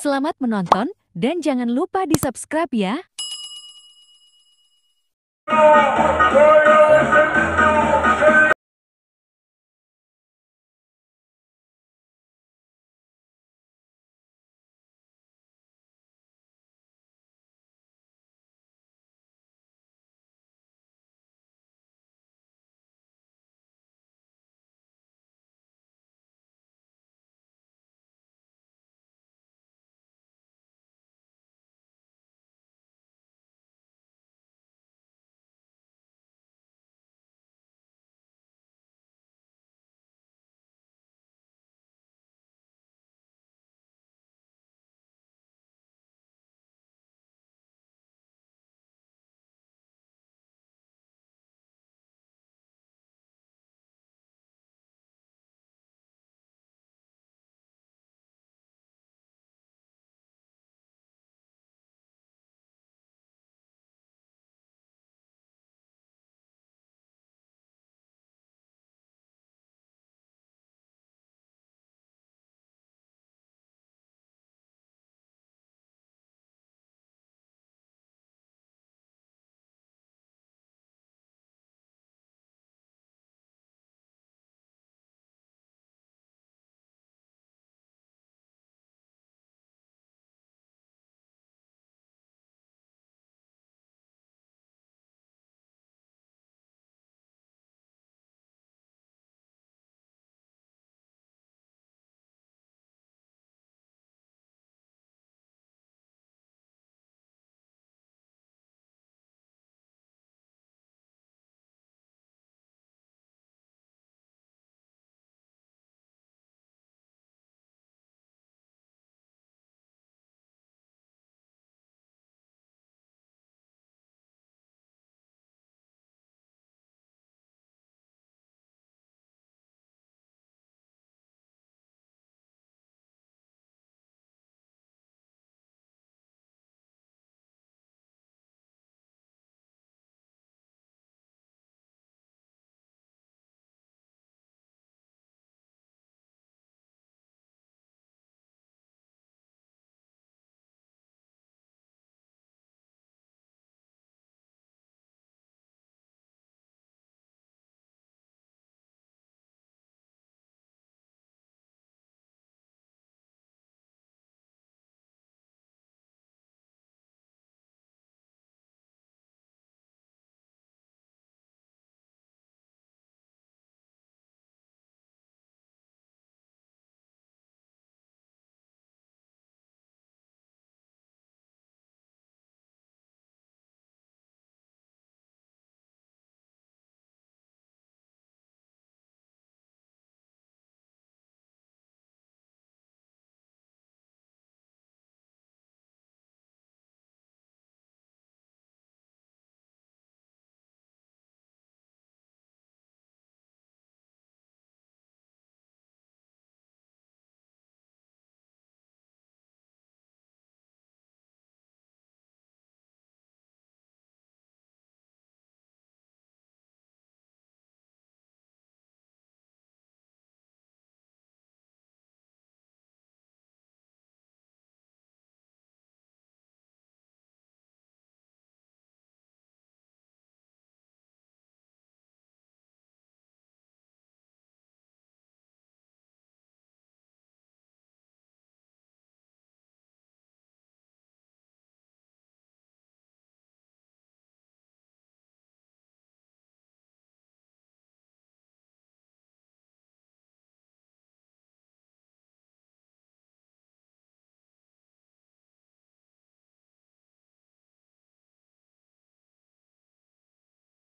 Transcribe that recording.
Selamat menonton dan jangan lupa di subscribe ya.